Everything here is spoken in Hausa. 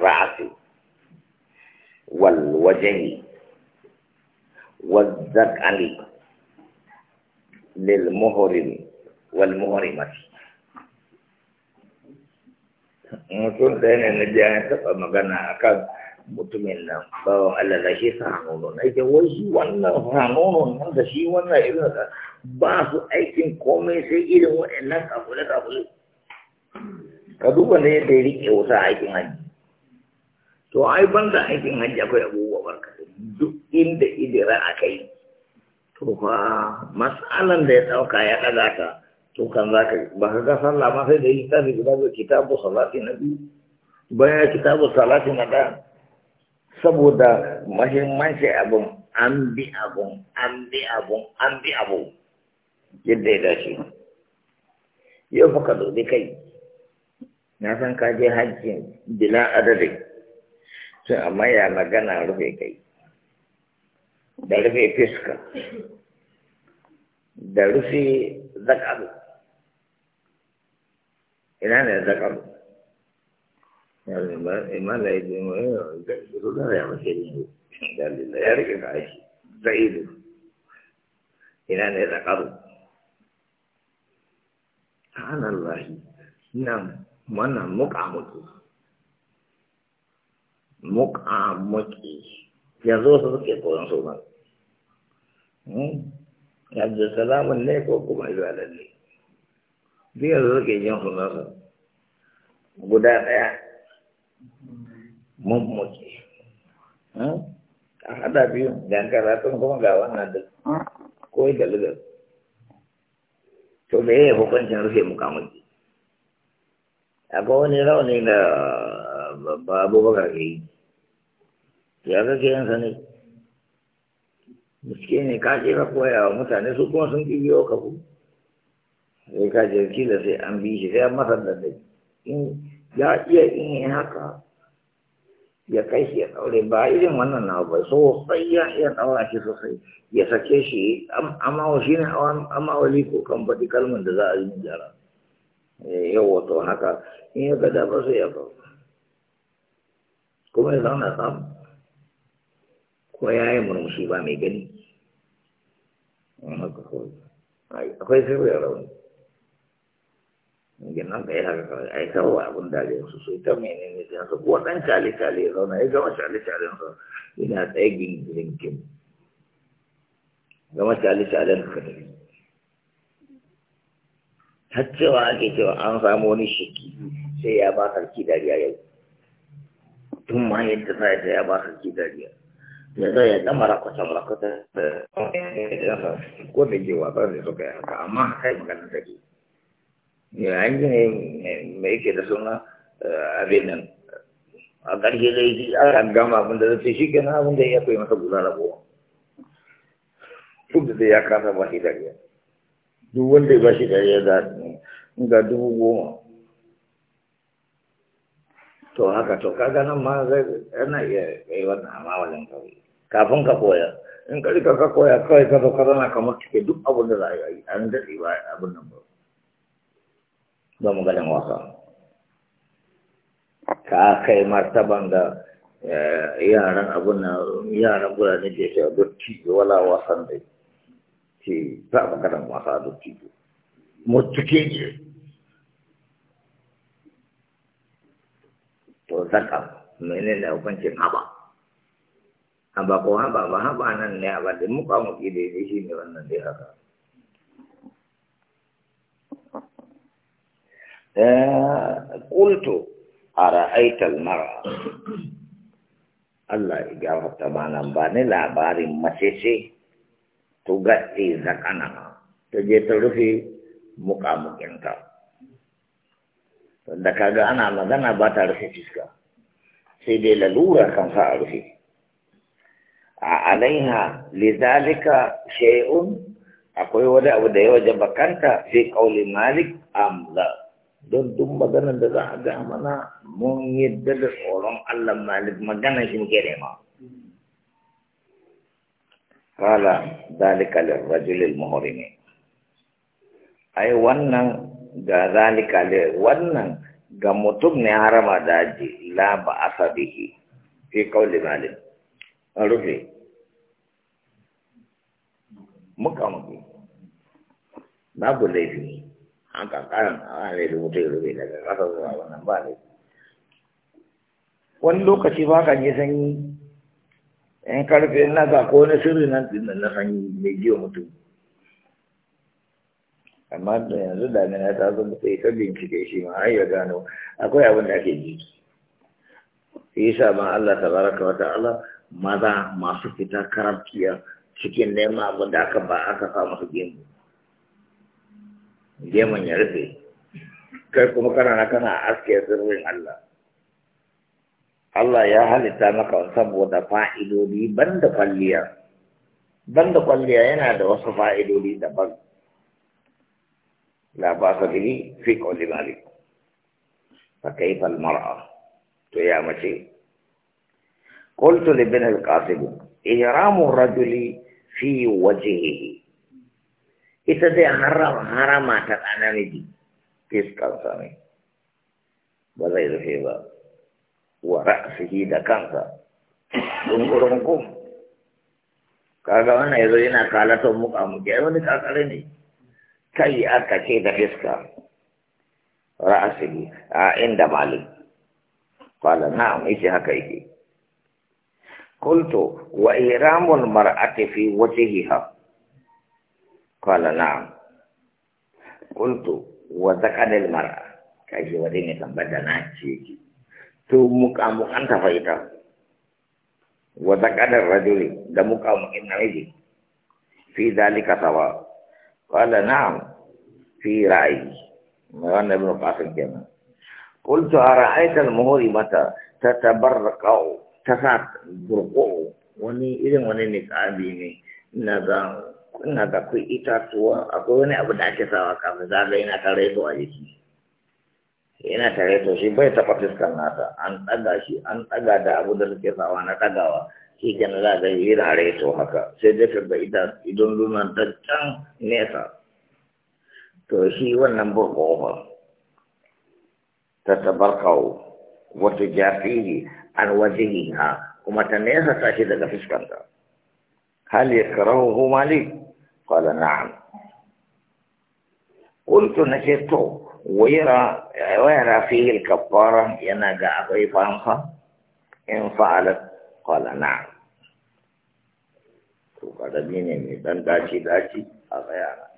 الرأس والوجه والذكر للمهرم والمهرمة مثل دين النجاح فما كان أكاد مطمئن بو على ذي سانون أي جوز وانا سانون من ذي وانا إلى إيه ذا بس أي كم كومي سيجي له إلا كابولا كابولا كدوبا نيجي تيجي كيوسا أي كم أي to ai banda aikin hajji akwai abubuwa barka duk inda idira aka yi to fa mas'alan da ya dauka ya ɗaga ta to kan za ka ba ka ga sallah ma sai da littafi guda ba kitabu salati na biyu bayan kitabu salati na ɗaya saboda mahimmanci abun an bi abun an bi abun an bi abu yadda ya dace yau fa ka dodi kai na san ka je hajji bila adadin sai a maya magana rufe kai da rufe fiska da rufe zakaru ina ne zakaru imala ya jima ya mace ne dalila ya rike ka aiki za'idu ina ne zakaru lahi nan wannan muka mutu muka muki yanzu wasu suke koyon sunan hmm? yanzu salamun ne ko kuma izalar ne biyu yanzu suke yin sunansa guda ɗaya mummuki hmm? a hada biyu ga karatun kuma ga wannan duk ko yi lugar to da yaya hukuncin rufe mukamuki akwai wani rauni na. ba abubakar ke yi ya kake yin sani miske ne ka ce ka koya wa mutane su kuma sun kibiyo ka ku sai ka je kila sai an bi shi sai an masa da dai in ya iya in haka ya kai shi ya ɗaure ba irin wannan na ba sosai ya iya ɗaura shi sosai ya sake shi amma shi ne amma wali ko kan faɗi kalmar da za a yi jara eh, yau wato haka in ya gada ba sai ya ba kuma ya zauna samu ko ya yi murmushi ba mai gani akwai ya rauni Ingin nan ka yi haka kawai a yi kawai abin da zai su su ta mai nemi sai yansu kuwa ɗan cale cale ya zauna ya gama cale cale sa yana tsaye gingirin kim gama cale cale na ka tafi har cewa ake cewa an samu wani shiki sai ya ba karki dariya yau tun ma yadda za ta ya ba ka dariya. ya zai ya gama rakwata rakwata ko da ke wasa da suka yi haka amma kai magana da ke ya an gina mai ke da suna eh, abin nan a ƙarshe zai yi an gama abin da zai shi kenan abin da ya kai masa guda da kowa duk da ya kasa ba shi dariya duk wanda ya ba shi dariya za ga dubu goma to haka to kaga nan ma zai yana iya kai wannan amma wajen kawai kafin ka koya in ka rika ka koya kawai ka zo ka zana kamar cike duk abin da za a yi an daɗe ba abin nan ba ba mu ganin wasa ka kai martaban da eh, yaran abin nan yaran birane ke shi a dotti wala wasan dai ke ba a maganin wasa a dotti mutuke ne wato zaka menene hukuncin haba haba ko haba ba haba nan ne haba da muka mu ide da shi ne wannan dai haka eh, qultu ara'aita al-mar'a Allah ya gafarta nan ba ne labarin mace ce to gatti zakana ta je ta rufe muƙamuƙinta da kaga ana magana ba ta rufe fiska sai dai lalura kan sa a rufe a alaiha lizalika shay'un akwai wani abu da ya waje bakanta fi malik amla don duk maganar da za a ga mana mun yi da tsoron Allah malik maganar shi muke nema qala dalika lirrajulil muhrimi ai wannan ga zalika da wannan ga mutum ne harama da aji la ba asabihi fi kauli malik an rufe muka muke babu laifi an kankaran a ne rubuta rufe daga ƙasa zuwa wannan ba laifi wani lokaci ba kan yi sanyi in karfe na ga ko wani sirri nan na sanyi mai jiwa mutum amma yanzu damina ta zo mutu ita bincike shi ma har ya gano akwai abin da ake ji Isa yasa ma Allah tabaraka wa ta'ala maza masu fita karamkiya cikin neman abin da aka ba aka sa masu gemu gemun ya rufe kai kuma kana na kana aske sirrin Allah Allah ya halitta maka saboda fa'idodi banda kwalliya banda kwalliya yana da wasu fa'idodi daban لا باس به في كل ذلك فكيف المرأة يا مشي قلت لابن القاسم إهرام الرجل في وجهه إذا دي حرام حرامات أنا نجي كيس كالسامي بغير فيها ورأسه دا كانسا انقرنكم kaga wannan yazo yana kalatar muka muke ai wani kakare ne kai aka ce da fiska ra'asihi a inda malik qala na'am ishi haka yake qultu wa ihramul mar'ati fi wajhiha qala na'am qultu wa zakanil mar'a kaje wani ne tambaya na ce ki to muka mukan ta faida wa zakanir rajuli da muka mukin namiji fi zalika sawa qala na'am fi ra'ayi mai wannan ibn qasim kenan qultu ara'aita al-muhrimata tatabarraqu tasat burqu wani irin wani niqabi ne ina ga ina ga ita itatuwa akwai wani abu da ake sawa kafin zaga yana tare to a jiki Ina tare to shi bai taɓa fuskar nata an ɗaga shi an ɗaga da abu da suke sawa na ɗagawa shi kenan za ga yana to haka sai dai ka ga idon lunan ta can nesa to shi wannan burkofar ta tabarkau wata jafihi an wajihiha kuma ta nesa ta shi daga fuskanta hal yakrahu malik Kala na'am qultu nashitu ويرى Yana فيه الكفارة In fa'alat. Kala na'am. فعلت pada bini ni. Dan دان daci Apa أخيانا